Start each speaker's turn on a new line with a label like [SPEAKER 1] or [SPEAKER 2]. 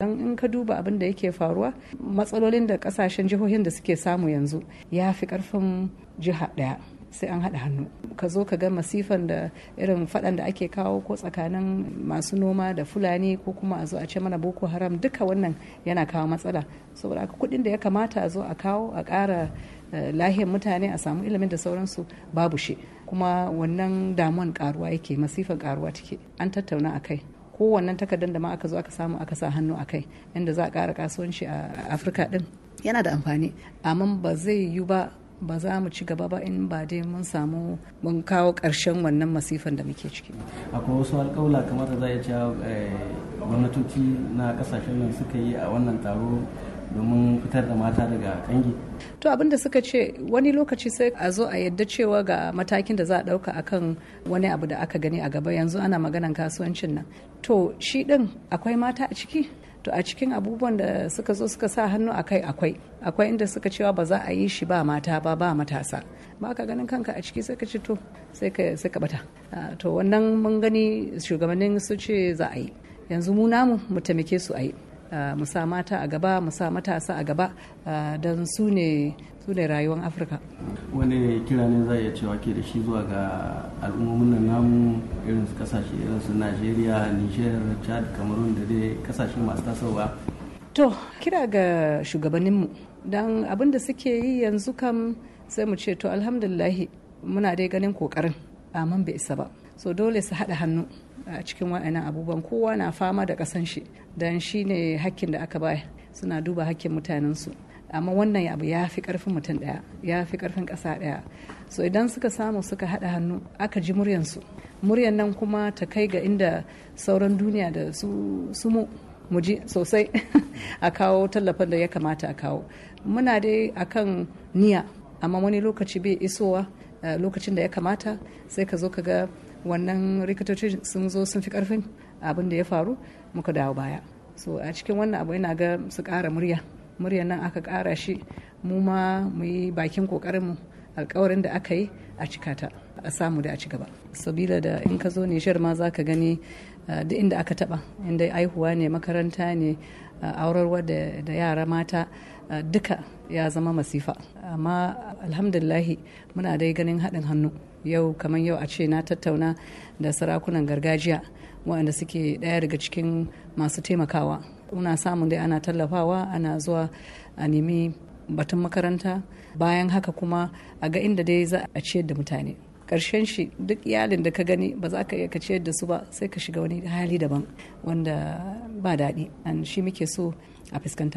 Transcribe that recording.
[SPEAKER 1] dan in ka duba abin da yake faruwa matsalolin da kasashen jihohin da suke samu yanzu ya fi karfin jiha daya sai an haɗa hannu ka zo ka ga masifan da irin faɗan da ake kawo ko tsakanin masu noma da fulani ko kuma a zo a ce mana boko haram duka wannan yana kawo matsala saboda aka kuɗin da ya kamata a zo a kawo a ƙara eh, lahiyar mutane a samu ilimin da sauransu babu shi kuma wannan damuwan karuwa yake masifan karuwa take an tattauna a kai kowannen takardar da ma aka zo aka samu aka sa hannu a kai inda za a ƙara kasuwanci a afirka din yana da amfani amma ba zai yi ba ba za mu ci gaba ba in ba dai mun samu mun kawo ƙarshen wannan masifan da
[SPEAKER 2] muke ciki. akwai wasu alƙawla kamar da za a ce eh, gwamnatoci na ƙasashen nan suka yi a wannan taro domin fitar da mata daga kangi
[SPEAKER 1] to abin suka ce wani lokaci sai a zo a yadda cewa ga matakin da za a ɗauka akan wani abu da aka gani a gaba yanzu ana maganan kasuwancin nan to shi ɗin akwai mata a ciki to a cikin abubuwan da suka zo suka sa hannu a kai akwai akwai inda suka cewa ba za a yi shi ba mata ba ba matasa ba ka ganin kanka a ciki sai ka ce to sai ka bata to wannan mun gani shugabannin su ce za a yi yanzu mu namu mu taimake su a yi Eh, mu sa mata a gaba mu sa matasa a gaba eh, don su ne su ne rayuwar afirka
[SPEAKER 2] wani kira ne zai iya cewa ke da shi zuwa ga al'ummomin nan namu irin su kasashe irin su najeriya niger chad cameroon da dai kasashe masu tasowa
[SPEAKER 1] to kira ga shugabanninmu don abin da suke yi yanzu kam sai mu ce to alhamdulillahi muna dai ganin kokarin amma bai isa ba so dole su haɗa hannu a cikin wa'annan abubuwan kowa na fama da kasan shi don shi ne hakkin da aka ba suna duba hakkin mutanensu amma wannan abu ya fi karfin mutum daya ya fi karfin ƙasa daya so idan suka samu suka haɗa hannu aka ji muryansu muryan nan kuma ta kai ga inda sauran duniya da su mu mu ji sosai a kawo tallafin da ya kamata a kawo muna dai akan niyya amma wani lokaci bai isowa eh, lokacin da ya kamata sai ka zo ka ga wannan rikitoci sun zo sun fi karfin abin da ya faru muka dawo baya so a cikin wannan abu ina ga su kara murya murya nan aka kara shi mu ma mu yi bakin ƙoƙarinmu alkawarin da aka yi a cikata a samu da a ci gaba sabila da in ka zo nishar ma za ka gani ah, duk inda aka taba inda aihuwa ne makaranta ne ah, aurarwa da yara mata ah, duka ya zama masifa amma alhamdulillahi muna dai ganin haɗin hannu yau kamar yau a ce na tattauna da sarakunan gargajiya waɗanda suke ɗaya daga cikin masu taimakawa muna samun dai ana tallafawa ana zuwa a nemi batun makaranta bayan haka kuma a ga inda dai za a ciyar da mutane karshen shi duk iyalin da ka gani ba za ka iya ka ciyar da su ba sai ka shiga wani hali daban wanda ba daɗi an shi muke so a fuskanta